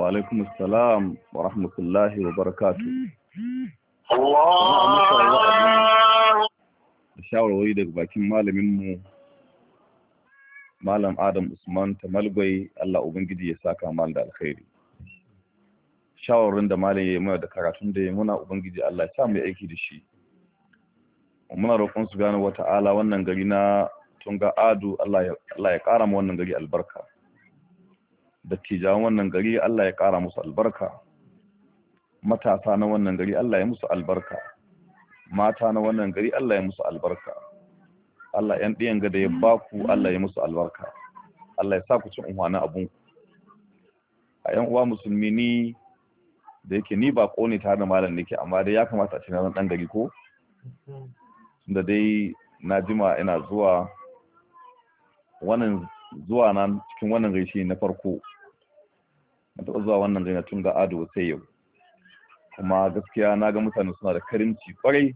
wa alaikum assalam wa rahmatullahi wa barakatu da shawarwari daga bakin malamin mu malam adam usman tamalgwai allah ubangiji ya saka mal da alkhairi shawarwarin da malam ya yi da karatun da ya muna ubangiji allah ya sa mu aiki da shi muna roƙon su gane wata'ala wannan gari na tunga adu allah ya ƙara mu wannan gari albarka jawon wannan gari Allah ya kara musu albarka matasa na wannan gari Allah ya musu albarka mata na wannan gari Allah ya musu albarka Allah ‘yan ɗiyan ga da ya ku Allah ya musu albarka Allah ya sa ku cin unwa na abun a ‘yan uwa musulmi ni da yake ni ba ƙone tare da malam nake amma dai ya kamata a ce na ɗan gari ko da dai na jima ina zuwa wannan zuwa nan cikin wannan gaishe na farko na taɓa zuwa wannan gaishe tun ga ado sai yau kuma gaskiya na ga mutane suna da karimci kwarai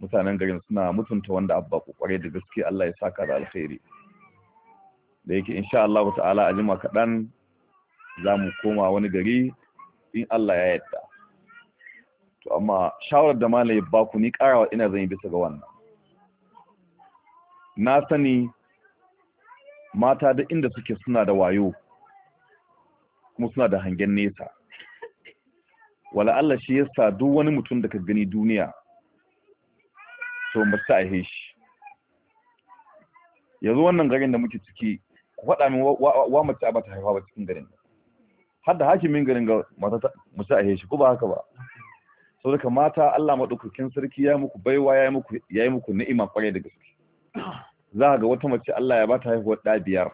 mutanen garin suna mutunta wanda abba kwarai da gaske Allah ya saka da alkhairi da yake insha Allah ta'ala a jima kaɗan za mu koma wani gari in Allah ya yadda to amma shawarar da malai ya baku ni karawa ina zan yi bisa ga wannan na sani mata da inda suke suna da wayo kuma suna da hangen nesa wala Allah shi yasa duk wani mutum da ka gani duniya to mace a shi yanzu wannan garin da muke ciki ku faɗa min wa mace ba ta haifa ba cikin garin har da hakimin garin ga mata mace a shi ko ba haka ba sau daga mata Allah madaukakin sarki ya muku baiwa ya yi muku ni'ima kware da gaske za ga wata mace Allah ya bata haihuwar da biyar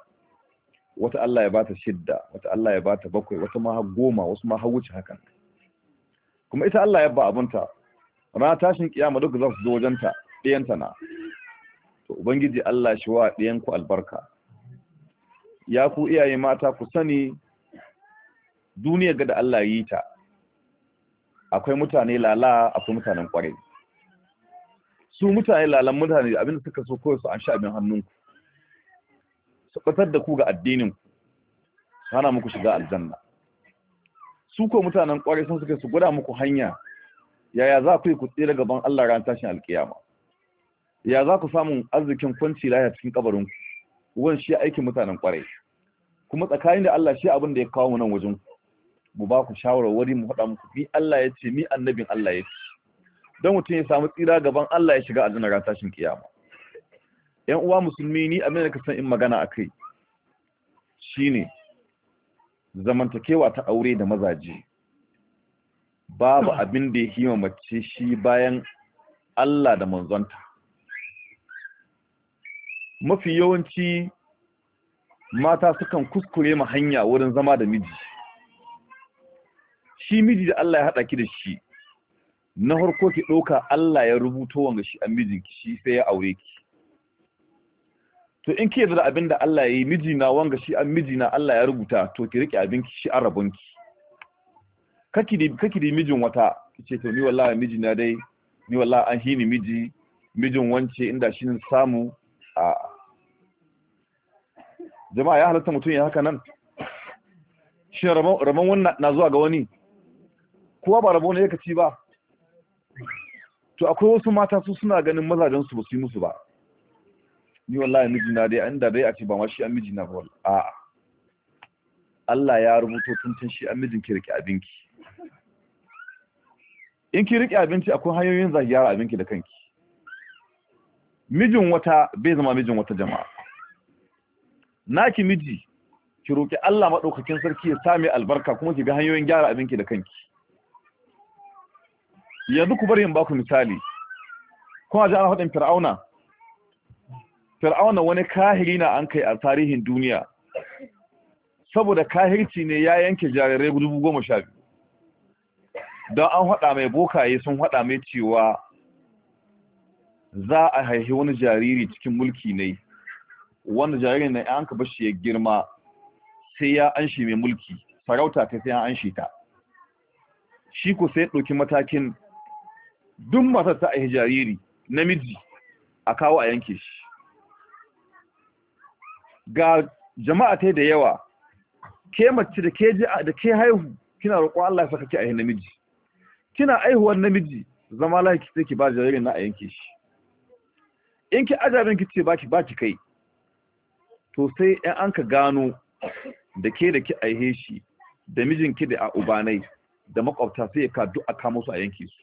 wata Allah ya bata shidda wata Allah ya bata bakwai wata ma goma wasu ma har wuce hakan kuma ita Allah ya ba abunta rana tashin kiyama duk za su zo wajenta ɗiyanta na to ubangiji Allah shi wa ku albarka ya ku iyaye mata ku sani duniya ga da Allah yi ta akwai mutane lala akwai mutanen kwarai su mutane lalan mutane abin da suka so kawai su an sha abin hannunku su batar da ku ga addinin ku hana muku shiga aljanna su ko mutanen kwarai sun suka su gwada muku hanya yaya za ku yi ku tsira gaban Allah ran tashin alkiyama ya za ku samu arzikin kwanci lafiya cikin kabarin ku wan shi aikin mutanen kwarai kuma tsakanin da Allah shi abin da ya kawo mu nan wajen mu ba ku shawarwari mu faɗa muku bi Allah ya ce ni annabin Allah ya ce don mutum ya samu tsira gaban Allah ya shiga aljanna ran tashin kiyama yan uwa musulmi ni abin da ka san in magana akai shine zamantakewa ta aure da mazaje babu abin da ya hima mace shi bayan Allah da manzonta mafi yawanci mata sukan kuskure ma hanya wurin zama da miji shi miji da Allah ya haɗa ki da shi na harko ki ɗauka Allah ya rubuto wanga shi a mijinki shi sai ya aure ki to in ki yadda abinda Allah ya yi mijina wanga shi a mijina Allah ya rubuta to ki rike abin ki shi a rabon ki kaki da kaki di mijin wata ce to ni wallahi mijina dai ni wallahi an hini miji mijin wance inda shi samu a jama'a ya halatta mutum ya haka nan shi ramon wannan na zuwa ga wani kowa ba rabo ne yake ci ba to akwai wasu mata su suna ganin mazajen su ba su yi musu ba ni wallahi na dai an da dai a ce ba ma shi an mijina ba a'a Allah ya rubuto tuntun shi an mijin ki rike abinki in ki rike abinci akwai hanyoyin za gyara abinki da kanki mijin wata bai zama mijin wata jama'a naki miji ki roki Allah madaukakin sarki ya same albarka kuma ki ga hanyoyin gyara abinki da kanki yanzu ku bari in ba ku misali kuma ji ana faɗin fir'auna fir'auna wani kahiri na an kai a tarihin duniya saboda kahirci ne ya yanke jarirai dubu goma sha biyu don an haɗa mai bokaye sun haɗa mai cewa za a haihi wani jariri cikin mulki ne wanda jaririn na an ka bashi ya girma sai ya an mai mulki sarauta ta sai an an shi ta shi ko sai ɗauki matakin duk matar ta aihe jariri namiji a kawo a yanke shi ga jama'a ta da yawa ke mace da ke da ke haihu kina roƙo Allah ya saka ki aihe namiji kina aihuwar namiji zama lahi ki take ba jaririn na a yanke shi in ki ajabin ki ce baki baki kai to sai ɗan an ka gano da ke da ki aihe shi da mijinki da a ubanai da makwabta sai ya ka duk a kama su a yanke su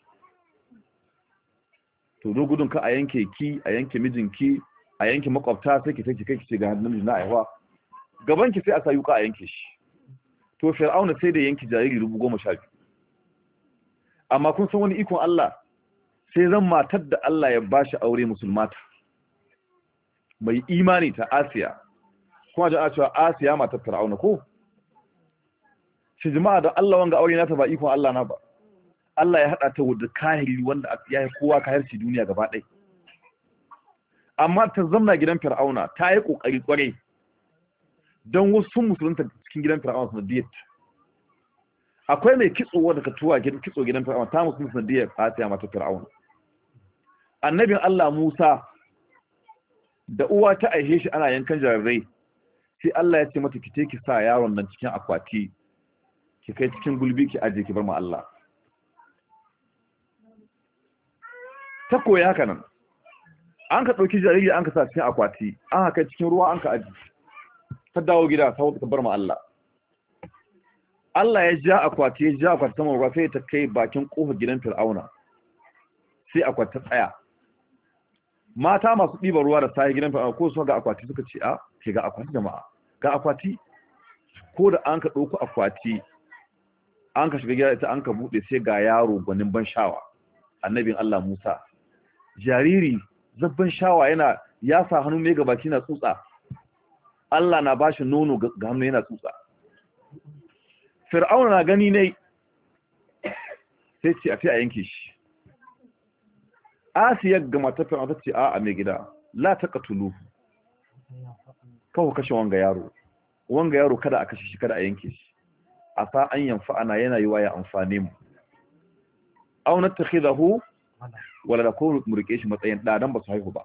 to do gudun ka a yanke ki a yanke mijinki a yanke makwabta sai ki take kai ki ce ga namiji na aiwa gaban ki sai a sayuka a yanke shi to fir'auna sai da yanke jariri rubu goma sha biyu amma kun san wani ikon Allah sai zan matar da Allah ya ba shi aure musulmata mai imani ta Asiya kuma a cewa Asiya matar fir'auna ko shi jama'a da Allah wanga aure na ta ba ikon Allah na ba Allah ya haɗa ta wadda kahili wanda ya yi kowa kahirci duniya gaba ɗai amma ta zamna gidan fir'auna ta yi ƙoƙari ƙwarai don wasu musulunta cikin gidan fir'auna diyet. akwai mai kitso wadda ka tuwa kitso gidan fir'auna ta musulunta a fatiya mata fir'auna annabin Allah Musa da uwa ta aihe shi ana yankan jarirai sai Allah ya ce mata ki ki sa yaron nan cikin akwati ki kai cikin gulbi ki aje ki bar ma Allah ta koya haka nan an ka ɗauki jariri an ka sa cikin akwati an haka cikin ruwa an ka aji ta dawo gida ta wata bar ma Allah Allah ya ja akwati ya ja akwati saman ruwa sai ta kai bakin ƙofa gidan fir'auna sai akwati ta tsaya mata masu ɗiba ruwa da sayi gidan fir'auna ko su ga akwati suka ce a ke ga akwati jama'a ga akwati ko da an ka ɗauko akwati an ka shiga gida ita an ka buɗe sai ga yaro gwanin ban sha'awa annabin Allah Musa jariri zabban shawa yana ya sa hannu ne ga baki na tsutsa Allah na bashi nono ga hannu yana tsutsa fir'auna na gani ne sai ce a fi a yanke shi asiyar ga matar a ta ce a a mai gida la ta katulu kawo kashe wanga yaro wanga yaro kada a kashe shi kada a yanke shi a sa an yamfa yana yi waya ya amfani mu aunar ta khidahu wala da ko mu rike shi matsayin da dan ba su haihu ba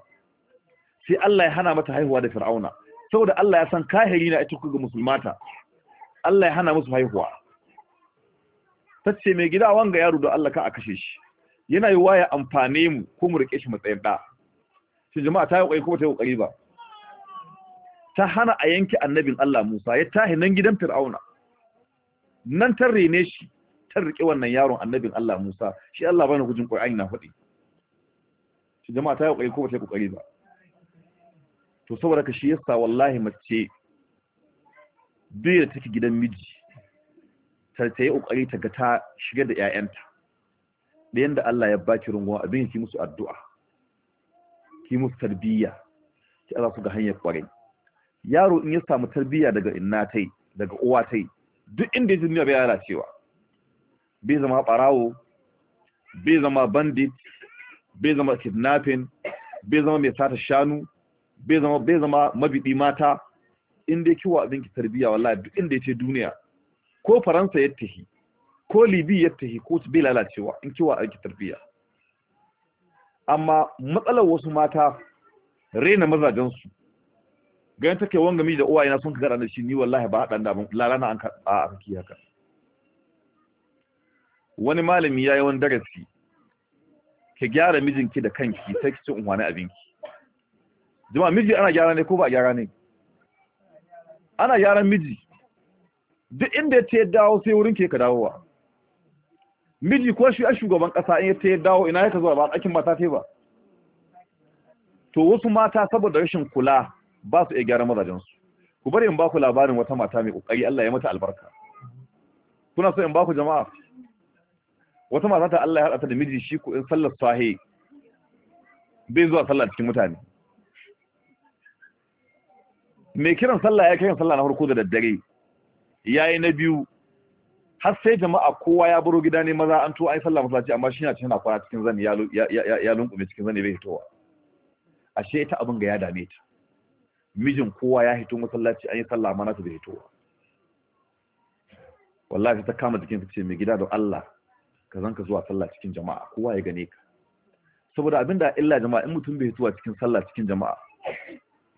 sai Allah ya hana mata haihuwa da fir'auna saboda Allah ya san kahiri na ita kuga musulmata Allah ya hana musu haihuwa tace mai gida wanga yaro da Allah ka a kashe shi yana yi waya amfane mu ko mu rike shi matsayin da shi jama'a ta yi kokari ko ta yi kokari ba ta hana a yanke annabin Allah Musa ya tahi nan gidan fir'auna nan tarre ne shi ta rike wannan yaron annabin Allah Musa shi Allah bani gujin Qur'ani na faɗi shi jama'a ta yi kokari ko ba ta yi kokari ba to saboda ka shi yasa wallahi mace duk da take gidan miji ta ta yi kokari ta ga ta shiga da ƴaƴanta da yanda Allah ya baki rungon abin ki musu addu'a ki musu tarbiyya ki Allah su ga hanyar kwarai yaro in ya samu tarbiyya daga inna tai daga uwa tai duk inda ya duniya bai lalacewa bai zama barawo bai zama bandit bai zama kidnapping bai zama mai sata shanu bai zama bai zama mabidi mata inda yake wa abinki tarbiya wallahi duk inda yake duniya ko faransa ya tahi ko libi ya tahi ko bai lalacewa in kiwa abinki tarbiya amma matsalar wasu mata rena mazajen su ganin take wanga miji da uwaye na sun ka gara da shi ni wallahi ba hadan da lalana an a kaki haka wani malami ya yi wani darasi Ka gyara mijinki da kanki sai ki ci unwani abinki jama'a miji ana gyara ne ko ba gyara ne ana gyara miji duk inda ya ce dawo sai wurin ke ka dawowa miji ko shi a shugaban kasa in ya ce dawo ina ya ka zuwa ba tsakin mata ce ba to wasu mata saboda rashin kula ba su iya gyara mazajensu ku bari in ba ku labarin wata mata mai kokari Allah ya mata albarka kuna so in ba ku jama'a wata mata ta Allah ya haɗa ta da miji shi ko in sallar sahe bai zuwa sallah cikin mutane mai kiran sallah ya kiran sallah na farko da daddare yayi na biyu har sai jama'a kowa ya baro gida ne maza an to ai sallah masallaci amma shi na cikin kwana cikin zani ya ya lunkume cikin zani bai hitowa ashe ita abin ga ya dame ta mijin kowa ya hito masallaci an yi sallah amma na ta bai hitowa wallahi ta kama jikin ta ce mai gida don Allah ka zanka zuwa sallah cikin jama'a kowa ya gane ka saboda abin da illa jama'a in mutum bai zuwa cikin sallah cikin jama'a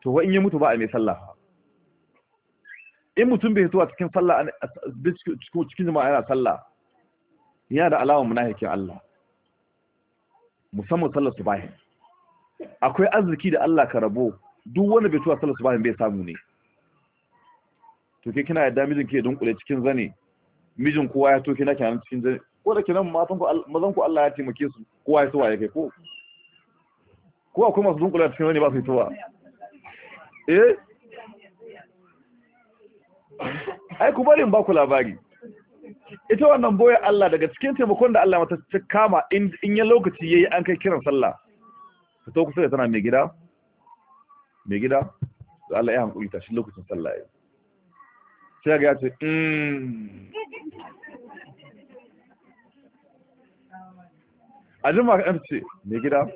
to wa in ya mutu ba a mai sallah in mutum bai zuwa cikin sallah cikin jama'a yana sallah yana da alawar munafikin Allah musamman sallar subahi akwai arziki da Allah ka rabo duk wanda bai zuwa sallar subahi bai samu ne to ke kina yadda mijin ke dunkule cikin zane mijin kowa ya toke na kenan cikin zane ko da kinan matan ku mazan ku Allah ya taimake su kowa ya tuwa ya kai ko ko akwai masu dunkula cikin wani ba su tuwa eh ai ku bari in ba ku labari ita wannan boye Allah daga cikin taimakon da Allah mata ta kama in ya lokaci yayi an kai kiran sallah to kusa da tana mai gida mai gida da Allah ya hankuri ta shi lokacin sallah yayi sai ga ya ce mmm. a jima ka ce mai gida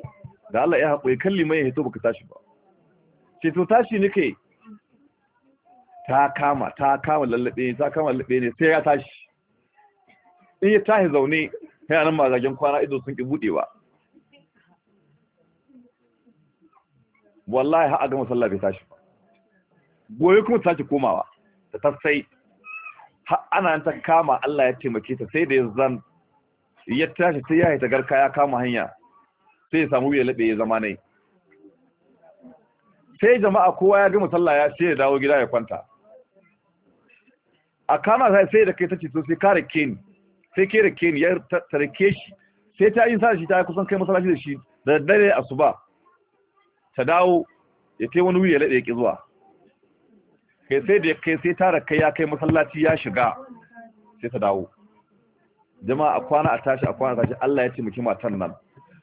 da Allah ya ya kalli mai hito baka tashi ba ce to tashi ni kai ta kama ta kama lallabe ne ta kama lallabe ne sai ya tashi in ya tashi zaune yana nan mazagen kwana ido sun ki ba wallahi har a gama sallah bai tashi ba gobe kuma tashi komawa da ta sai ana ta kama Allah ya taimake ta sai da ya zan ya tashi sai ya haita garka ya kama hanya sai ya samu ya laɓe ya zama nai sai jama'a kowa ya gama sallah ya ce ya dawo gida ya kwanta a kama sai sai da kai ta ce to sai kare keni sai kere keni ya tarke shi sai ta yi sa shi ta kusan kai masallaci da shi da dare asuba ta dawo ya kai wani wuya laɓe ya zuwa kai sai da kai sai tara kai ya kai masallaci ya shiga sai ta dawo jama'a a kwana a tashi a kwana a tashi Allah ya taimaki matan nan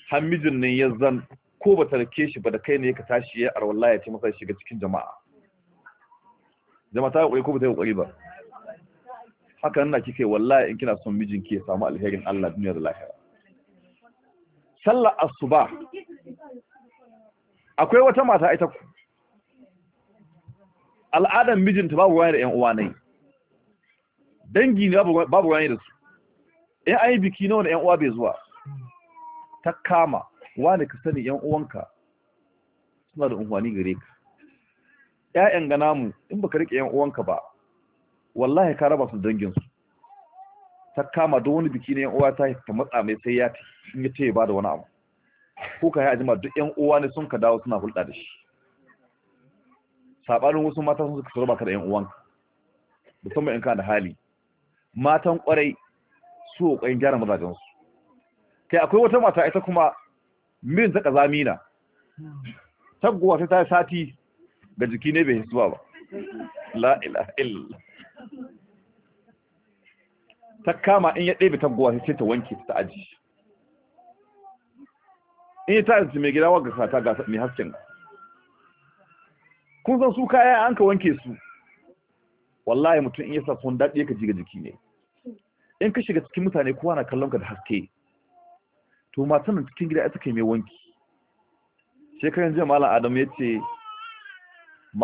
har mijin nan ya zan ko ba ta rike shi ba da kai ne ka tashi ya ar wallahi ya taimaka masa shiga cikin jama'a jama'a ta kokari ko ba ta kokari ba haka nan kike wallahi in kina son mijinki ya samu alherin Allah duniya da lahira sallar asuba akwai wata mata ita ku al'adan mijinta babu wani da ƴan uwa ne dangi ne babu wani da su ya ai biki na wani yan uwa bai zuwa ta kama wani ka sani yan uwanka suna da unguwani gare ka ƴaƴan ga namu in baka rike yan uwanka ba wallahi ka raba su dangin su ta kama don wani biki na yan uwa ta ta matsa mai sai ya in ya ce ba da wani abu ko ka yi ajima duk yan uwa ne sun ka dawo suna hulɗa da shi sabanin wasu mata sun suka raba ka da yan uwanka musamman in ka da hali matan kwarai su in gyara mazajen su kai akwai wata mata ita kuma min ta kazamina taggowa ta yi sati ga jiki ne bai hisuwa ba la ilaha illa ta kama in ya ɗebe taggowa sai ta wanke ta aji in ta aji mai gida wa sata ga gasa mai hasken kun san su kaya an ka wanke su wallahi mutum in ya sa sun daɗe ka ji ga jiki ne in ka shiga cikin mutane kowa na kallon ka da haske to matan nan cikin gida ita kai mai wanki shekaran jiya malam adam ya ce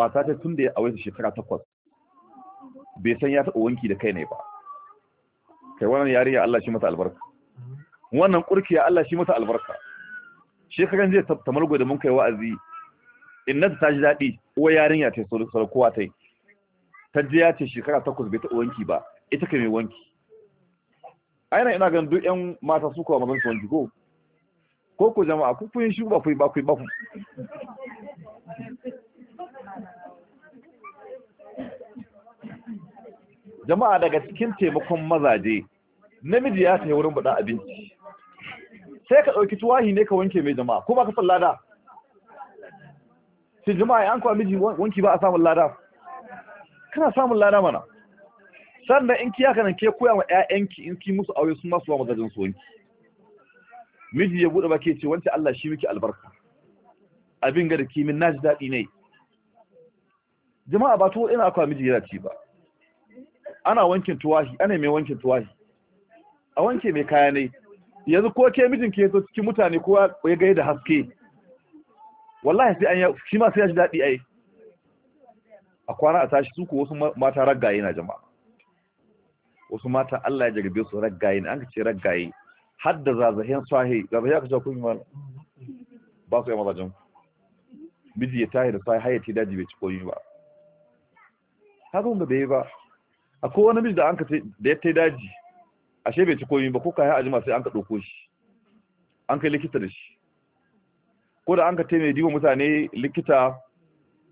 mata ta tun da ya aure shekara takwas bai san ya taɓa wanki da kai ne ba kai wannan yarinya Allah shi mata albarka wannan ya Allah shi mata albarka shekaran jiya ta malgo da mun kai wa'azi inna ta ji daɗi uwa yarinya ta yi sarkowa ta yi ta ji ya ce shekara takwas bai taɓa wanki ba ita kai mai wanki aina ina ganin duk yan mata su kawo mazan su wanki ko ku jama'a ku kun shi ba ku ba ku ba ku jama'a daga cikin taimakon mazaje namiji ya tafi wurin buɗa abinci sai ka ɗauki tuwahi ne ka wanke mai jama'a ko ba ka san lada sai jama'a an kwa miji wanki ba a samun lada kana samun lada mana sannan in ki haka nan ke koya wa ƴaƴanki in ki musu aure sun masu wa mazajin su wanki miji ya bude baki ce wance Allah shi miki albarka abin ga da kimin naji daɗi ne jama'a ba to ina akwa miji ya ci ba ana wankin tuwahi ana mai wankin tuwahi a wanke mai kaya ne yanzu ko ke mijin ke so cikin mutane kowa ya ga da haske wallahi sai an ya shi ma sai ya ji daɗi ai a kwana a tashi su ko wasu mata raggaye na jama'a wasu mata Allah ya jarabe su raggaye ne an ka ce raggaye har da zazahen sahi zazahen aka ce kun yi ba su yi mazajen miji ya tahi da sahi har ya ce daji bai ci koyi ba haka wanda bai yi ba a kowane miji da an ka da ya tai daji ashe bai ci koyi ba ko kayan ajima sai an ka ɗauko shi an kai likita da shi ko da an ka taimai diba mutane likita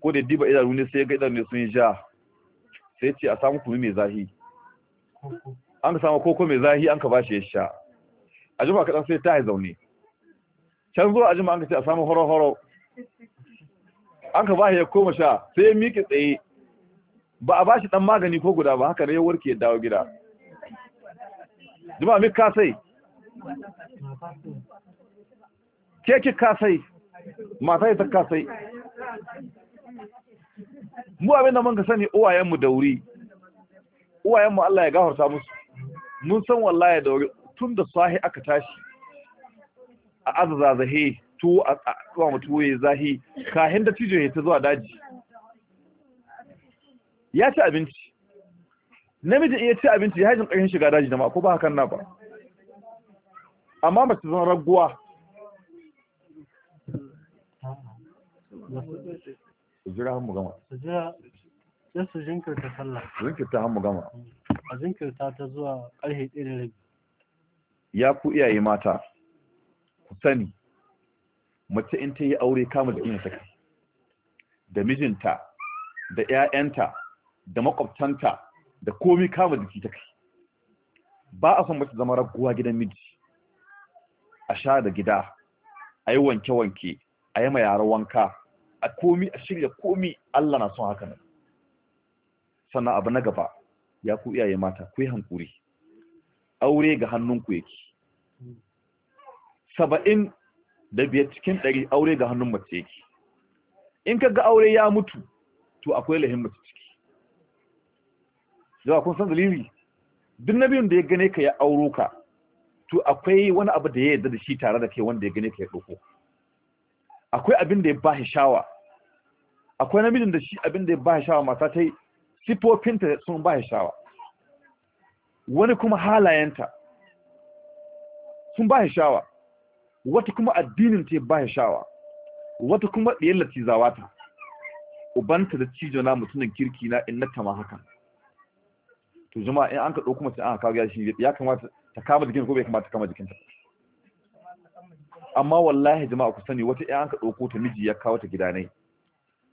ko da diba idanu ne sai ga idanu ne sun yi ja sai ce a samu kumi mai zahi an ka samu koko mai zahi an ka ba shi ya sha a jima kaɗan sai ta yi zaune can zuwa a jima an ka ce a samu horo-horo an ka ba shi ya koma sha sai ya miƙe tsaye ba a ba shi ɗan magani ko guda ba haka ne ya warke ya dawo gida jima mika sai keke sai. mata ya ta sai. mu abin da mun ka sani uwayenmu da wuri uwayenmu Allah ya gafarta musu mun san wallahi da tun da sahi aka tashi a azaza zahe tu a tuwa mutu ya zahi kahin da tijo ya ta zuwa daji ya ci abinci namiji iya ci abinci ya hajin ƙarshen shiga daji da ma ko ba hakan na ba amma mace zan raguwa jira mu gama sai su jinkirta sallah a jinkirta ta zuwa ƙarfe ɗaya ya ku iyaye mata ku sani mace in ta yi aure kama da ina take, da mijinta da ƴaƴanta da makwabtanta da komi kama jiki ta kai ba a son mace zama raguwa gidan miji a sha da gida a yi wanke-wanke a yi ma yara wanka a komi a shirya komi Allah na son haka nan sannan abu na gaba ya ku iyaye mata ku yi hankuri aure ga hannunku yake saba'in da biyar cikin ɗari aure ga hannun mace yake in ka ga aure ya mutu to akwai lahin mace ciki zuwa kun san dalili duk na biyun da ya gane ka ya auro ka to akwai wani abu da ya yarda da shi tare da kai wanda ya gane ka ya ɗauko akwai abin da ya ba shi shawa akwai namijin da shi abin da ya ba shi shawa mata ta yi sifofinta sun ba shawa wani kuma halayenta sun ba shawa wata kuma addinin ta ba shawa wata kuma ɗiyar latizawa ta ubanta da cijo na mutumin kirki na in nata ma hakan to jama'a in an ka ɗauko mace an kawo ya shi ya kamata ta kama jikin ko bai kamata ta kama jikinta amma wallahi jama'a ku sani wata in an ka ɗauko ta miji ya kawo ta gidanai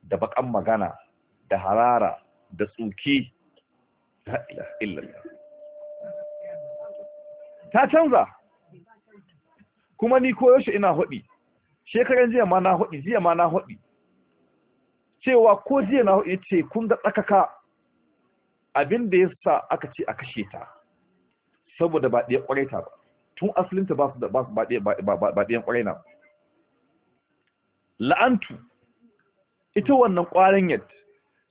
da bakan magana da harara da tsuki ta canza kuma ni yaushe ina haɗi shekaran jiya ma na haɗi jiya ma na haɗi cewa ko jiya na haɗi ce kun ga tsakaka abin da ya sa aka ce a kashe ta saboda ba ɗaya ƙwarai ta ba tun asalinta ba su da ba ɗaya ƙwarai na la'antu ita wannan ƙwarin yadda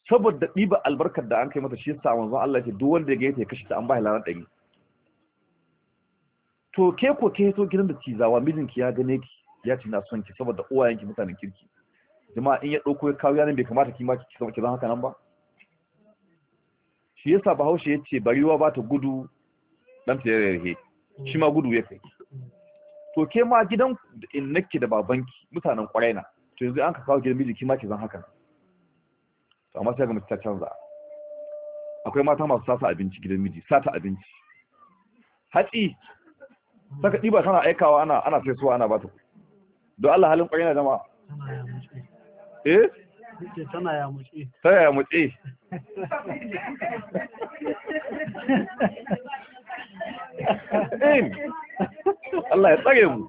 saboda ɗiba albarkar da an kai mata shi yasa manzon Allah ke duk wanda ya gaita ya kashe ta an bai lanar ɗari to ke ko ke so gidan da cizawa mijinki ya gane ki ya ce na son ki saboda uwayen ki mutanen kirki jama'a in ya ɗauko ya kawo yanin bai kamata ki ma ki zama ki haka nan ba shi yasa bahaushe ya ce bariwa ba ta gudu dan ta yarhe shi ma gudu ya kai to ke ma gidan in nake da babanki mutanen kwarai na to yanzu an ka kawo gidan mijin ki ma ki zan haka to amma sai ga mace ta canza akwai mata masu sasa abinci gidan miji sata abinci hatsi saka ɗiba tana aikawa ana ana sai suwa ana bata don Allah halin ƙwarai jama'a eh tana ya mutse eh? tana ya mutse in Allah ya tsare mu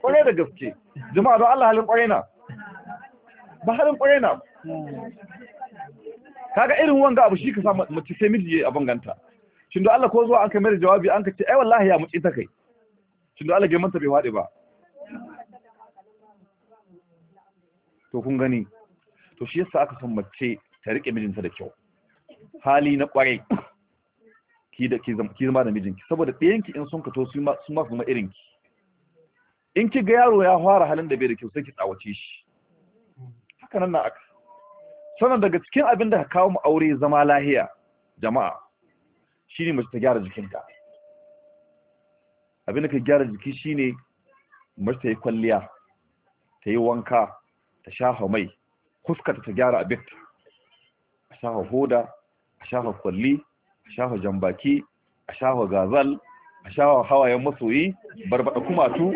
kwarai da gaske jama'a don Allah halin ƙwarai na ba harin kwarai na hmm. kaga irin wanga abu shi ka sa mace sai miji a banganta shin Allah ko zuwa an kai mai jawabi an kace ai wallahi ya mutsi ta kai shin Allah ge manta bai wade ba to kun gani to shi yasa aka san mace ta rike mijinta da kyau hali na kwarai ki da ki zama da mijinki saboda ɗayanki in sun kato su ma su ma irinki in ki ga yaro ya fara halin da bai da kyau sai ki tsawace shi haka na aka sannan daga cikin abin da ka kawo mu aure zama lahiya jama'a shine mace ta gyara jikinta abin da ka gyara jiki shine mace ta yi kwalliya ta yi wanka ta shafa mai kuskata ta gyara abin a shafa hoda a shafa kwalli a shafa jambaki a shafa gazal a shafa hawayen masoyi barbaɗa kumatu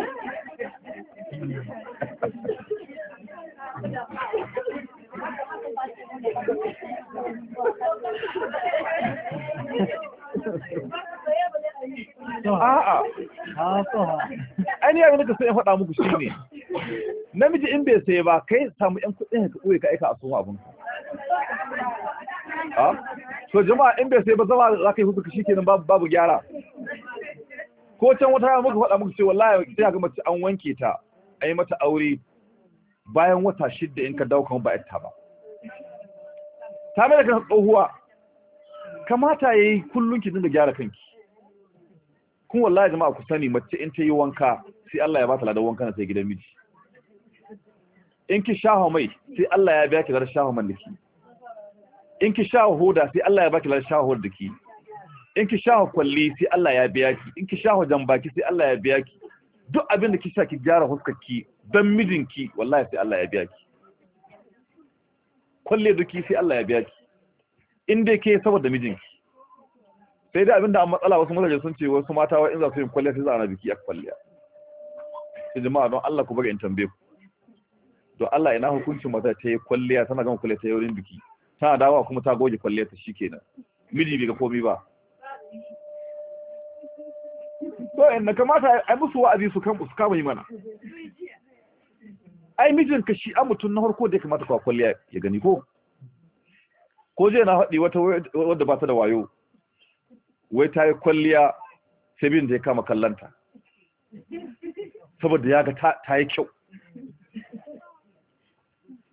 A'a. Ainihin abin da ka sai in faɗa muku shi ne, namiji in bai sai ba, kai samu ‘yan kuɗin ka ɓoye ka aika a sun abin. So jama'a in bai sai ba zama za ka yi hukuka shi kenan babu gyara. Ko can wata rana muka faɗa muku ce wallahi sai ga mace an wanke ta, a yi mata aure bayan wata shidda in ka dawo kan ba ta ba. ta mai da kan tsohuwa kamata ya yi kullum ki dinga gyara kanki kun wallahi jama'a ku sani mace in ta yi wanka sai Allah ya ba ta ladan wanka na sai gidan miji in ki shaho mai sai Allah ya biya ki lar man dake in ki shaho hoda sai Allah ya baki lar shaho hoda ki in ki shaho kwalli sai Allah ya biya ki in ki shaho jambaki sai Allah ya biya ki duk abin da ki sha ki gyara huskarki ki dan mijinki wallahi sai Allah ya biya ki kwalle duki sai Allah ya biya ki in dai ke saboda mijinki sai dai abinda an matsala wasu mutane sun ce wasu mata wa in za su yi kwalle sai za a biki a kwalle sai jama'a don Allah ku bari in tambaye ku don Allah ina hukuncin mata ta yi kwalliya tana gama kwalle ta yi wurin biki tana dawowa kuma ta goge kwalle ta shikenan miji bai ga komai ba to in na kamata ai musu wa'azi su kan su kama yi mana ai mijinka shi an mutum na harko da ya kamata kwa kwalliya ya gani ko ko zai na haɗi wata wadda ba ta da wayo wai ta yi kwalliya sai bin da ya kama kallanta saboda ya ga ta yi kyau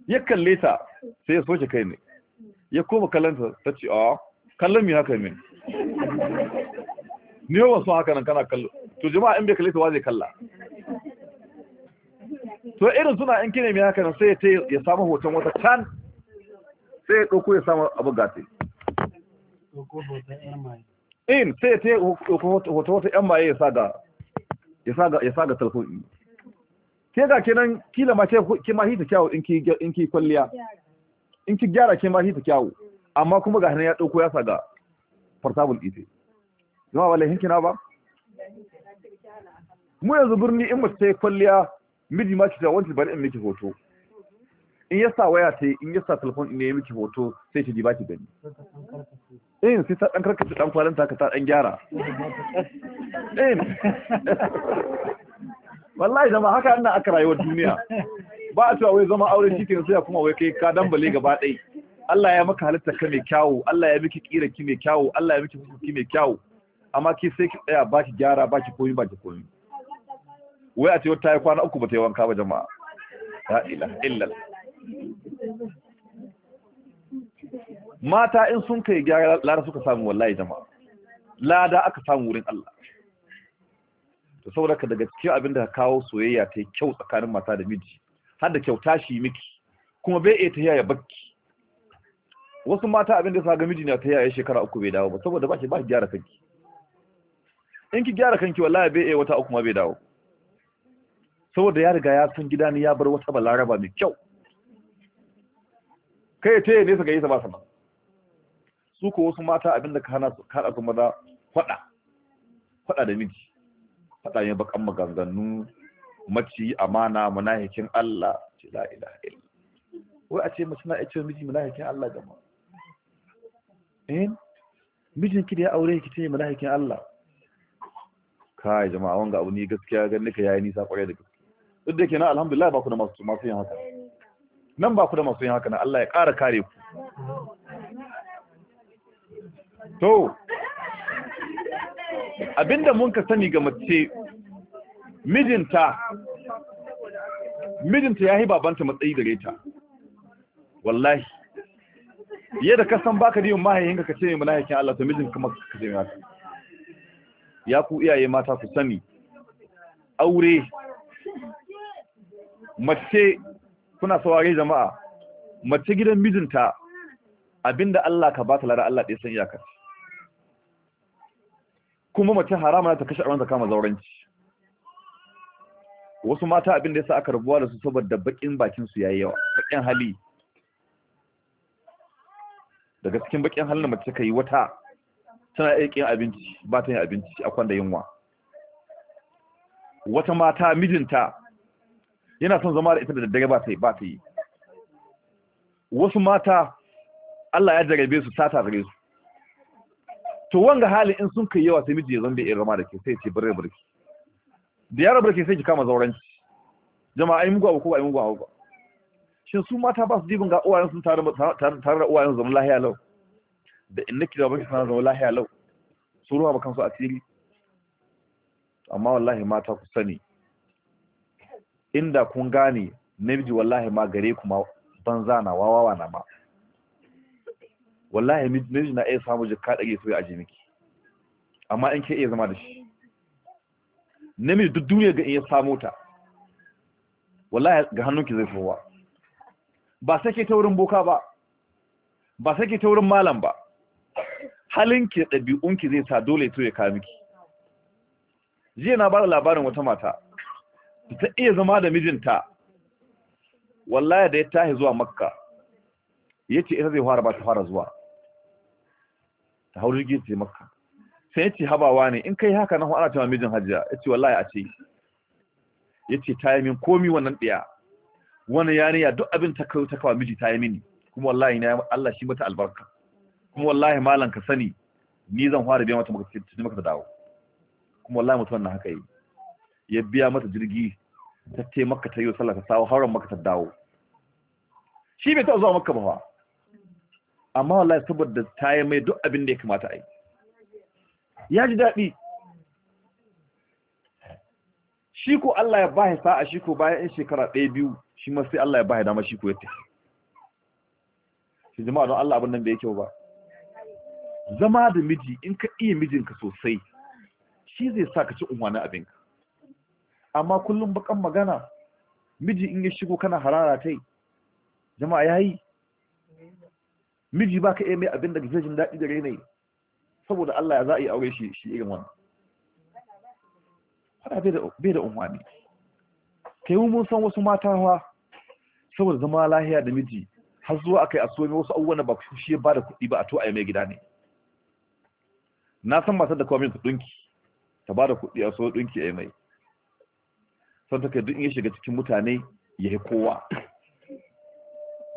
ya kalle ta sai ya soke kai ne ya koma kallanta ta ce a kallon mi haka ne ni yawan sun haka nan kana kallo to jama'a in bai kalle ta wa zai kalla to irin suna in kine mai haka nan sai ya samu hoton wata can sai ya ɗauko ya samu abu gasi in sai ya ta hoto wata yan maye ya sa ga talfon ke ga kenan kila ma ke ma hita kyawu in ki kwalliya in ki gyara ke ma hita kyawu amma kuma ga hannun ya ɗauko ya sa ga portable ite jama'a wallahi hinkina ba mu yanzu birni in mace ta yi kwalliya miji ma cuta ta bari in miki hoto in ya sa waya ta in ya sa telefon in ya miki hoto sai ji ba ki gani in eh, sai ta dan karkace dan kwalin ta ka ta dan gyara in eh. wallahi zama haka ina aka rayuwar duniya ba a cewa wai zama aure shi kenan sai kuma wai kai ka dambale gaba ɗaya. Allah ya maka halitta ka mai kyawu Allah ya miki kira ki mai kyawu Allah ya miki ki mai kyawu amma ki sai ki tsaya ba ki gyara ba ki koyi ba ki koyi wai a ce wata yi kwana uku ba ta yi wanka ba jama'a ya ila illal mata in sun kai gyara lada suka samu wallahi jama'a lada aka samu wurin Allah to saboda ka daga cikin abin da ka kawo soyayya ta yi kyau tsakanin mata da miji har da kyauta shi miki kuma bai iya yi ya bakki wasu mata abin da sa ga miji na tahiya ya shekara uku bai dawo ba saboda ba shi ba shi gyara kanki in ki gyara kanki wallahi bai iya wata uku ma bai dawo saboda ya riga ya san gida ne ya bar wata balaraba mai kyau kai ce yi nesa ga yi ba sama su ko wasu mata abinda ka hana su kada su maza faɗa faɗa da miji faɗa ya bakan maganganu maci amana munahikin Allah ce la ilaha illa wai a ce mace na ce miji munahikin Allah gama eh mijin ki da ya aure ki ce munahikin Allah kai jama'a wanga abu ni gaskiya ganin ka yayi nisa kwarai da gaske duk da ke na, alhamdulillah ba ku da masu masu yin haka nan ba ku da masu yin haka na Allah ya ƙara kare ku to abinda mun ka sani ga mace mijinta mijinta ya yi babanta matsayi gare ta wallahi yadda ka san baka diyon mahaihinka ka ce mai malahikin Allah ta mijin kuma ka ce mai haka ya ku iyaye mata ku sani aure mace kuna saurare jama'a mace gidan mijinta abinda Allah ka ba ta lara Allah ɗaya san iyakar kuma mace harama ta kashe ta kama zauranci wasu mata abinda sa aka rabuwa da su saboda bakin bakin su yayi yawa bakin hali daga cikin bakin halin mace ka yi wata tana iya abinci ba ta yin abinci a kwanda yunwa wata mata mijinta yana son zama da ita da daddare ba ta yi ba ta yi wasu mata Allah ya jarabe su sata gare su to wanga hali in sun kai yawa sai miji ya zan da iya da ke sai ce bare burki da yaro burki sai ki kama zauranci jama'a ai mugu abu ko ai mugu ba shin su mata ba su dibin ga uwayen sun tare tare da uwayen zaman lahiya lau da innaki da baki sana zaman lahiya lau su ruwa ba kansu asiri amma wallahi mata ku sani inda kun gane namiji wallahi ma gare ku ma banza na wawawa na ma wallahi namiji na iya samu jikka ɗage su ya aje miki amma in ke iya zama da shi namiji duk duniya ga iya ya samu ta wallahi ga hannun ki zai fowa ba sai ke ta wurin boka ba ba sai ke ta wurin malam ba halinki da ɗabi'unki zai sa dole to ya kawo miki jiya na bada labarin wata mata ta iya zama da mijinta wallahi da ya tahi zuwa makka ya ce ita zai fara ba ta fara zuwa ta hau jirgin ce makka sai ya ce habawa ne in kai haka nan ana cewa mijin hajjia ce wallahi a ce Ya ce ta yi min komi wannan ɗaya. Wani yarinya duk abin ta kawo ta kawo miji ta yi mini kuma wallahi na Allah shi mata albarka kuma wallahi malam ka sani ni zan fara biya mata maka dawo kuma wallahi mutum wannan haka yi ya biya mata jirgi ta te maka ta yi sallah ta sawo hauren maka ta dawo shi bai taɓa zuwa maka ba amma wallahi saboda ta yi mai duk abin da ya kamata a yi ya ji daɗi shi ko Allah ya ba sa'a shi ko bayan in shekara ɗaya biyu shi ma sai Allah ya ba dama shi ko ya tafi shi jama'a don Allah abin nan da ya kyau ba zama da miji in ka iya mijinka sosai shi zai sa ka ci unwanin abinka amma kullum bakan magana miji in ya shigo kana harara tai jama'a yayi miji ba ka iya mai abin da zai jin daɗi gare ne saboda Allah ya za a yi aure shi shi irin wannan hada bai da umarni kai mun san wasu mata saboda zama lahiya da miji har zuwa akai a soyayya wasu abubuwan da ba ku shi ba da kuɗi ba a to a mai gida ne na san matar da kawai ta ɗunki ta ba da kuɗi a so dinki a mai son kai duk in ya shiga cikin mutane ya yi kowa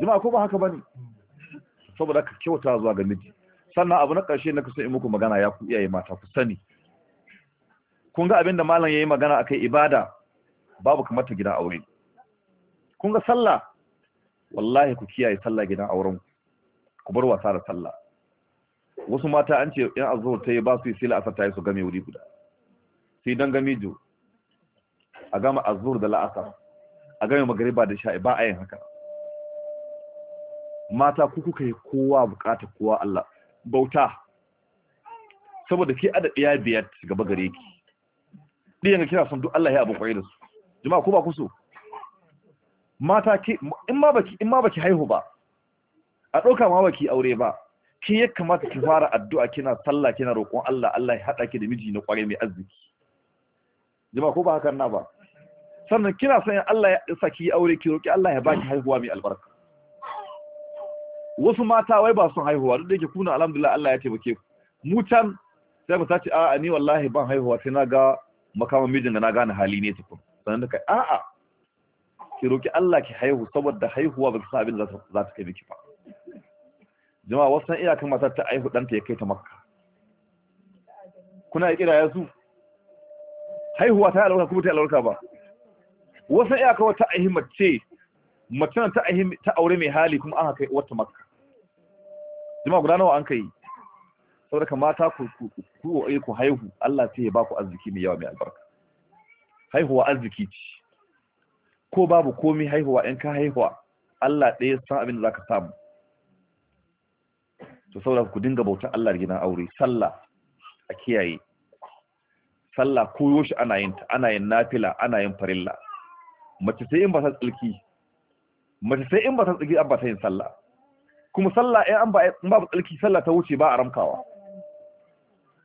jima'a ko ba haka ba ne saboda ka kyauta zuwa ga miji sannan abu na ƙarshe na kusa in muku magana ya ku iyaye mata ku sani kun ga abinda malam ya yi magana a kai ibada babu kamar ta gidan aure kun ga sallah wallahi ku kiyaye sallah gidan auren ku bar wasa da sallah wasu mata an ce yan ta yi ba su yi sila asar yi su game wuri guda sai dan gamijo a gama azur da la'asar a gama magariba da sha'i ba a yin haka mata ku kuka yi kowa bukata kowa Allah bauta saboda ke ada ɗaya biyar gaba gare ki ɗiyan kira son duk Allah ya abu kwaye da su jama'a ko ba ku so mata ke in ma baki in ma baki haihu ba a ɗauka ma baki aure ba ke ya kamata ki fara addu'a kina sallah kina roƙon Allah Allah ya haɗa ki da miji na ƙware mai arziki jama'a ko ba hakan na ba sannan kina son Allah ya saki aure ki roki Allah ya baki haihuwa mai albarka wasu mata wai ba sun haihuwa duk da yake kuna alhamdulillah Allah ya taimake ku mu can sai ta ce a'a ni wallahi ban haihuwa sai na ga makaman mijin da na gane hali ne tukun sannan da kai a'a ki roki Allah ki haihu saboda haihuwa ba ki san abin da za ta kai miki ba jama'a wasu san iyakan matar ta aihu danta ya kai ta makka kuna kira yasu su haihuwa ta yi alwarka kuma ta yi alwarka ba wasu iyaka wata ahimar ce mutum ta ahim ta aure mai hali kuma aka kai wata makka jama'a guda nawa an kai saboda mata ku ku ku ku haihu Allah sai ya baku arziki mai yawa mai albarka haihuwa arziki ce ko babu komai haihuwa in ka haihuwa Allah ɗaya san abin da zaka samu to saboda ku dinga bautar Allah da gidan aure sallah a kiyaye sallah koyo shi ana yin ta ana yin nafila ana yin farilla mace sai in ba ta tsirki. mace sai in ba ta tsirki, an ba ta yin sallah kuma sallah in eh, an ba in ba tsirki sallah ta wuce ba a ramkawa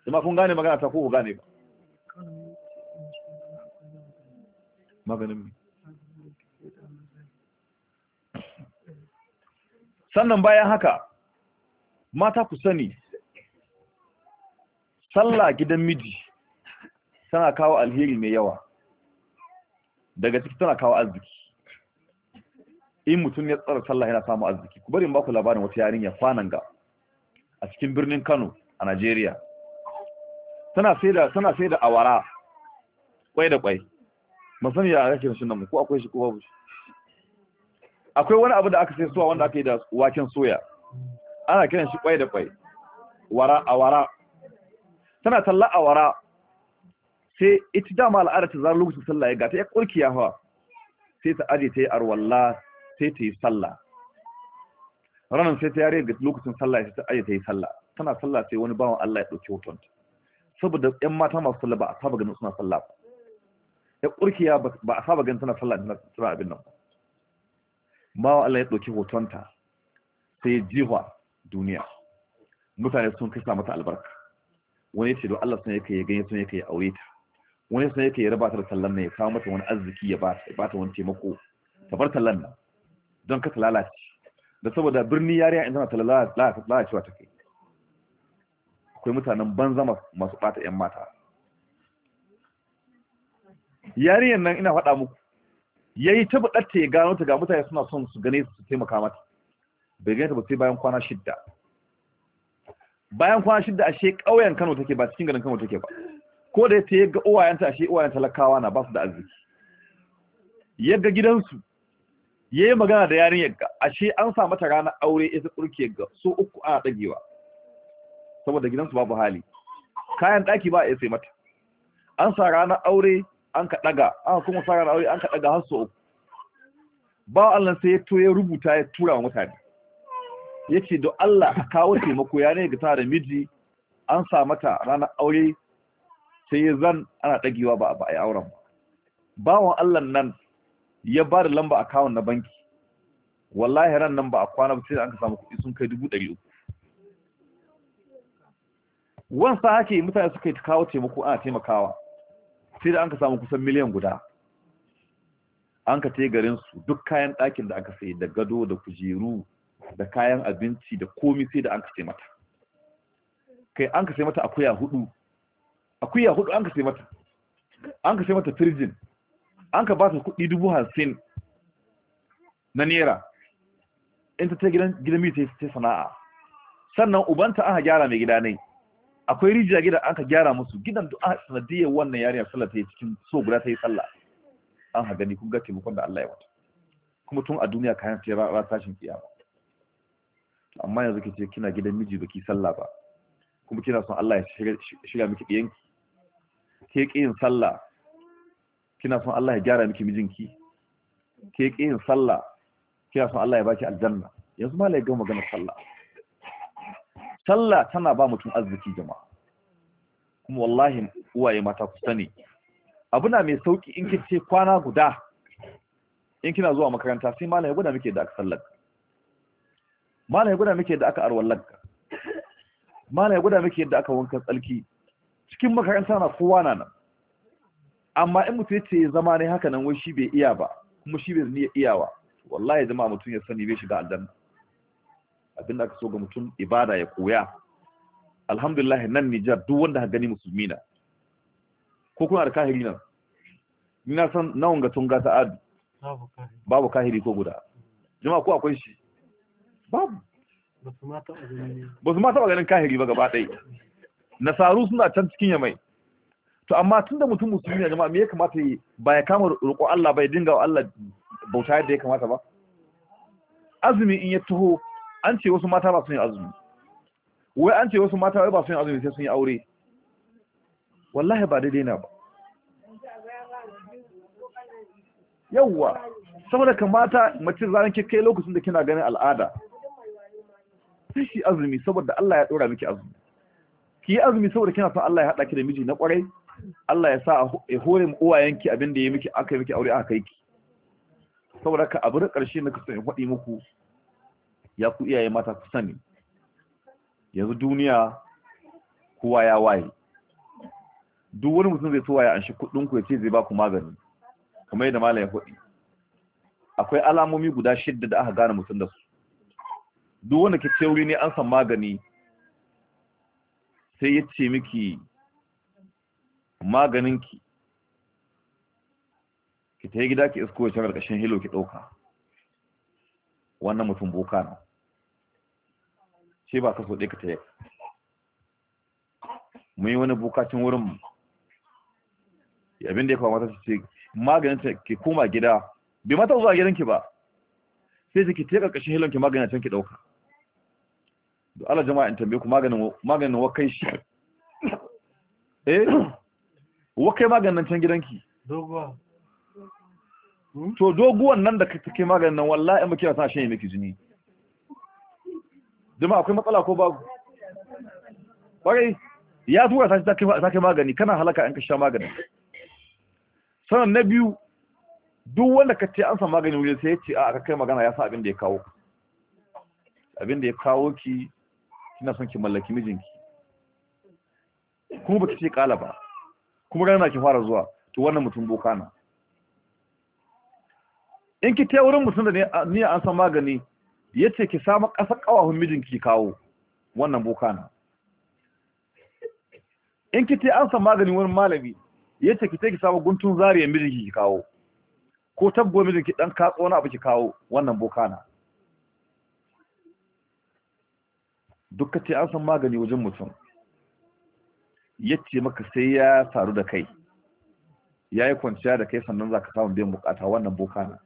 kuma kun gane magana ta ko ku gane ba maganin sannan bayan haka mata ku sani sallah gidan miji tana kawo alheri mai yawa daga ciki tana kawo arziki in mutum ya tsara sallah yana samu arziki ku bari in baku labarin wata yarinya ga. a cikin birnin Kano a Najeriya tana da tana da awara kwai da kwai musan ya ake shi nan ko akwai shi ko babu shi akwai wani abu da aka sai suwa wanda aka yi da waken soya ana kiran shi kwai da kwai wara awara tana talla awara sai ita dama al'ada ta zara lokacin sallah ya gata ya ya hawa sai ta aje ta yi arwalla sai ta yi sallah ranar sai ta yare ga lokacin sallah sai ta aje ta yi sallah tana sallah sai wani bawan Allah ya ɗauki hoton saboda 'yan mata masu sallah ba a saba ganin suna sallah ba ya ya ba a saba ganin tana sallah tana abin nan bawan Allah ya ɗauki hotonta sai ya jiwa duniya mutane sun kasa mata albarka wani ce don Allah sun yake ya ganye sun yake ya aure ta wani sai yake ya raba ta da tallan nan ya kawo mata wani arziki ya ba ta wani taimako ta bar tallan nan don ka ta lalace da saboda birni yariya in zama ta lalacewa ta kai akwai mutanen banza masu bata yan mata yariyan nan ina faɗa muku yayi ta buɗatta ya gano ta ga mutane suna son su gane su taimaka mata bai gane ta ba sai bayan kwana shidda bayan kwana shidda ashe ƙauyen Kano take ba cikin garin Kano take ba ko da ta yaga uwayenta shi uwayen talakawa na ba su da arziki yaga gidansu ya yi magana da yarin yaga ashe an sa mata ranar aure ya tsurke ga so uku ana ɗagewa saboda gidansu babu hali kayan daki ba ya sai mata an sa ranar aure an ka daga an kuma sa ranar aure an ka daga har so uku ba Allah sai ya to ya rubuta ya tura wa mutane Ya ce don Allah a kawo taimako ya ne ga ta da miji an sa mata ranar aure sai zan ana dagewa ba ba a auren ba bawan Allah nan ya ba da lamba kawon na banki wallahi ran nan ba a kwana ba sai an ka samu kuɗi sun kai dubu ɗari uku wansa hake mutane suka yi kawo taimako ana taimakawa sai da an ka samu kusan miliyan guda an ka te garinsu duk kayan ɗakin da aka sayi da gado da kujeru da kayan abinci da komi sai da an ka sai mata kai an ka sai mata akuya hudu akuya hudu an ka sai mata an ka sai mata firjin an ka ba ta kuɗi dubu hamsin na nera in ta gidan gidan miji ta sana'a sannan ubanta aka gyara mai gida ne akwai rijiya gida ka gyara musu gidan duk aka sanadiyya wannan yarinya sallah ta yi cikin so guda ta yi sallah an ha gani kun ga taimakon da Allah ya wata kuma tun a duniya kayan sai ra tashin kiyama amma yanzu kace kina gidan miji baki sallah ba kuma kina son Allah ya shiga miki diyanki ke yin sallah kina son Allah ya gyara miki mijinki ke yin sallah kina son Allah ya baki aljanna yanzu ma lai ga magana sallah sallah tana ba mutum arziki jama'a kuma wallahi uwaye mata ku sani abuna mai sauki in kin ce kwana guda in kina zuwa makaranta sai malam ya gwada muke da aka sallar malam ya gwada muke da aka arwallar malam ya gwada muke da aka wankan tsalki cikin makaranta na kowa na nan amma in mutum ya ce zama ne haka nan wai shi bai iya ba kuma shi bai niyya iyawa wallahi jama'a mutum ya sani bai shiga aljanna abin da aka so ga mutum ibada ya koya alhamdulillah nan Nijar duk wanda ka gani musulmi na ko kuna da kahiri nan ina san nawan ga tunga ta adu babu kahiri ko guda jama'a ko akwai shi babu ba su ma taɓa ganin kahiri ba gaba ɗaya nasaru suna can cikin yamai to amma tunda mutum musulmi ne jama'a me ya kamata yi ba ya kama roƙo Allah ba ya dinga wa Allah bauta yadda ya kamata ba azumi in ya taho an ce wasu mata ba su yin azumi wai an ce wasu mata wai ba su yin azumi sai sun yi aure wallahi ba daidai na ba yawwa saboda kamata mace ranar kike lokacin da kina ganin al'ada sai shi azumi saboda Allah ya dora miki azumi ki azumi saboda kina son Allah ya haɗa ki da miji na ƙwarai Allah ya sa a hore mu uwayenki abin da ya miki aka yi miki aure aka kai ki saboda ka abu da ƙarshe na kusa in faɗi muku ya ku iyaye mata ku sani yanzu duniya kowa ya waye duk wani mutum zai so ya anshi kuɗin ku ya ce zai ba ku magani kamar yadda malam ya faɗi akwai alamomi guda shidda da aka gane mutum da su duk wanda ke ce wuri ne an san magani sai ya ce miki maganinki ki ta yi gida ki isko ya ƙarƙashin hilo ki ɗauka wannan mutum boka na shi ba ka so ɗaya ka ta yi mun yi wani bukacin wurin abin da ya kawo mata ce maganin ki koma gida bai mata zuwa gidanki ba sai ki ta yi ƙarƙashin hilon ki maganin can ki ɗauka da ala jama'a in tambaye ku maganin maganin wakai shi eh wakai maganin nan can gidanki doguwa hmm? to doguwan nan da kake maganin nan wallahi muke sa shi miki jini jama'a akwai matsala ko ba bari ya tura ta take magani kana halaka an ka sha magani sanan na biyu duk wanda ka ce an sa magani wuri sai ya ce a aka kai magana ya sa abin da ya kawo abin da ya kawo ki kina son ki mallaki mijinki kuma baki ce kala ba kuma yana ki fara zuwa to wannan mutum boka na in ki ta wurin mutum da ne an san magani yace ki samu ƙasa kawahun mijinki kawo wannan boka na in ki ta an san magani wurin malami yace ki ta ki samu guntun zariyar mijinki ki kawo ko tabbo mijinki dan katso wani abu ki kawo wannan boka na duk ce an san magani wajen mutum ya ce maka sai ya faru da kai ya yi kwanciya da kai sannan za ka samu biyan bukata wannan boka na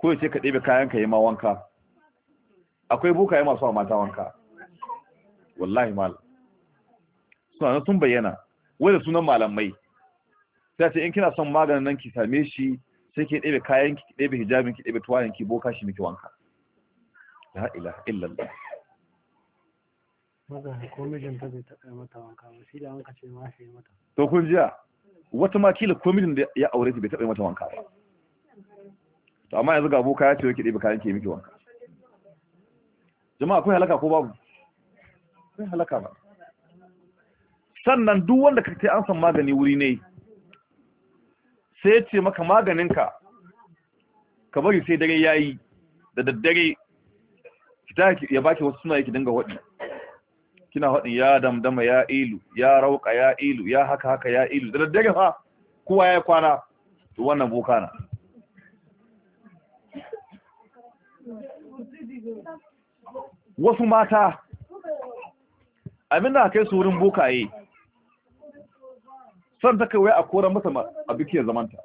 ko ce ka ɗebe kayan ka yi ma wanka akwai yi masu wa mata wanka wallahi mal suna sun bayyana wadda sunan malamai sai ce in kina son maganin nan ki same shi sai ki ɗebe kayan ki ɗebe hijabin ki ɗebe tuwayen ki boka shi miki wanka la ilaha illallah maza ko mijinta zai taɓa mata wanka wasila wanka ce ma shi mata to kun jiya wata ma kila ko mijin da ya aure ki bai taɓa mata wanka ba to amma yanzu ga boka ya ce yake ɗebe kayan ke miki wanka jama'a akwai halaka ko babu akwai halaka ba sannan duk wanda kake an san magani wuri ne sai ya ce maka maganinka ka bari sai dare yayi da daddare ja ya baki wasu suna yake dinga waɗi kina waɗi? ya damdama ya ilu ya rauka ya ilu ya haka haka ya ilu da daga fa kowa ya kwana to wannan boka na wasu mata abin kai su wurin bokaye san ta wai a koran masa abikiyar zamanta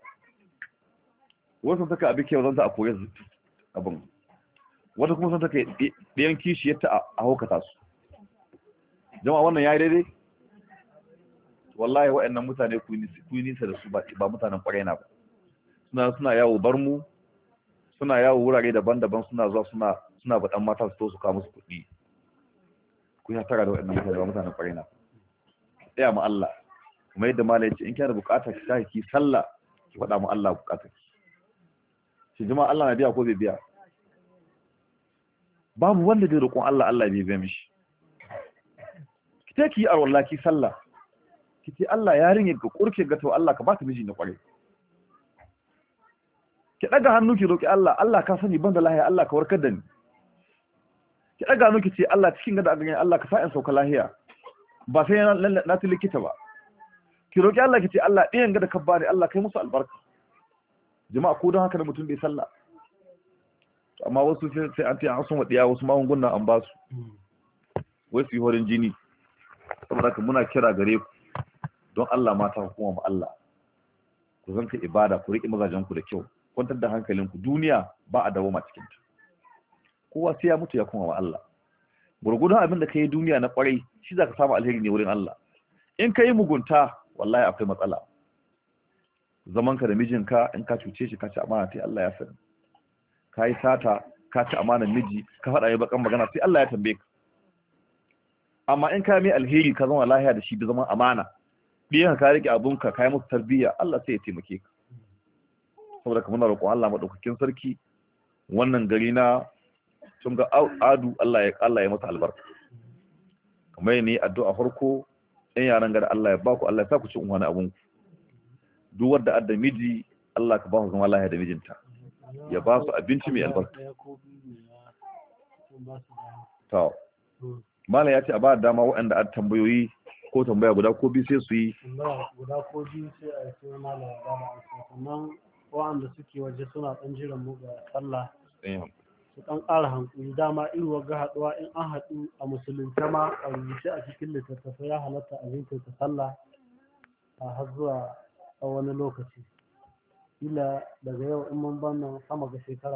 wasu ta ka abikiyar zamanta a koyar abin wata kuma sun take ɗayan yadda a haukata su jama'a wannan ya yi daidai wallahi wa'annan mutane ku yi nisa da su ba mutanen ƙwarai na ba suna suna yawo bar mu suna yawo wurare daban-daban suna zuwa suna suna baɗan mata su to su kawo musu kuɗi ku yi hatara da wa'annan mutane ba mutanen ƙwarai na ba tsaya ma Allah kuma yadda mala ce in kina da buƙatar ki tashi ki sallah ki faɗa ma Allah buƙatar ki shi jama'a Allah na biya ko bai biya babu wanda bai roƙon Allah Allah bai bai mishi ki ta ki yi arwalla ki sallah ki ce Allah rinye ka kurke ga to Allah ka ba ta miji na kware ki daga hannu ki roƙi Allah Allah ka sani banda lahiya Allah ka warkar da ni ki daga hannu ki ce Allah cikin gada ganin Allah ka sa in sauka lahiya ba sai na ta likita ba ki roƙi Allah ki ce Allah ɗayan gada ka bani Allah kai musu albarka jama'a ko don haka da mutum bai sallah amma wasu sai an tiya sun waɗiya wasu magungunan an ba su wai su yi horin jini saboda ka muna kira gare ku don Allah mata hukuma ma Allah ku zanka ibada ku riƙe mazajen ku da kyau kwantar da hankalin ku duniya ba a dawo ma cikin ta kowa sai ya mutu ya kuma ma Allah gurgudun abin da yi duniya na kwarai shi za ka samu alheri ne wurin Allah in ka yi mugunta wallahi akwai matsala zamanka da mijinka in ka cuce shi ka ci amana yi Allah ya sani ka yi sata ka ci amanar miji ka faɗa mai bakan magana sai Allah ya tambaye ka amma in ka mai alheri ka zama lahiya da shi da zaman amana biyan ka rike abun ka yi musu tarbiyya Allah sai ya taimake ka saboda ka muna roƙon Allah madaukakin sarki wannan gari na tun ga adu Allah ya Allah ya masa albarka kamar ne addu'a farko ɗan yaran gari Allah ya baku Allah ya sa ku ci unwani abun duk wanda adda miji Allah ka ba ku zama lahiya da mijinta ya ba su abinci mai albarka to mala ya ce a ba dama waɗanda an tambayoyi ko tambaya guda ko biyu sai su yi guda ko biyu sai a yi sai mala ya ba sannan waɗanda suke waje suna ɗan jiran mu ga sallah eh. su ɗan ƙara hankuli dama irin wagga haɗuwa in an haɗu a musulunta ma a rubuce a cikin littattafai ya halatta a zinta ta sallah a har zuwa a wani lokaci kila daga yau in mun ban sama ga shekara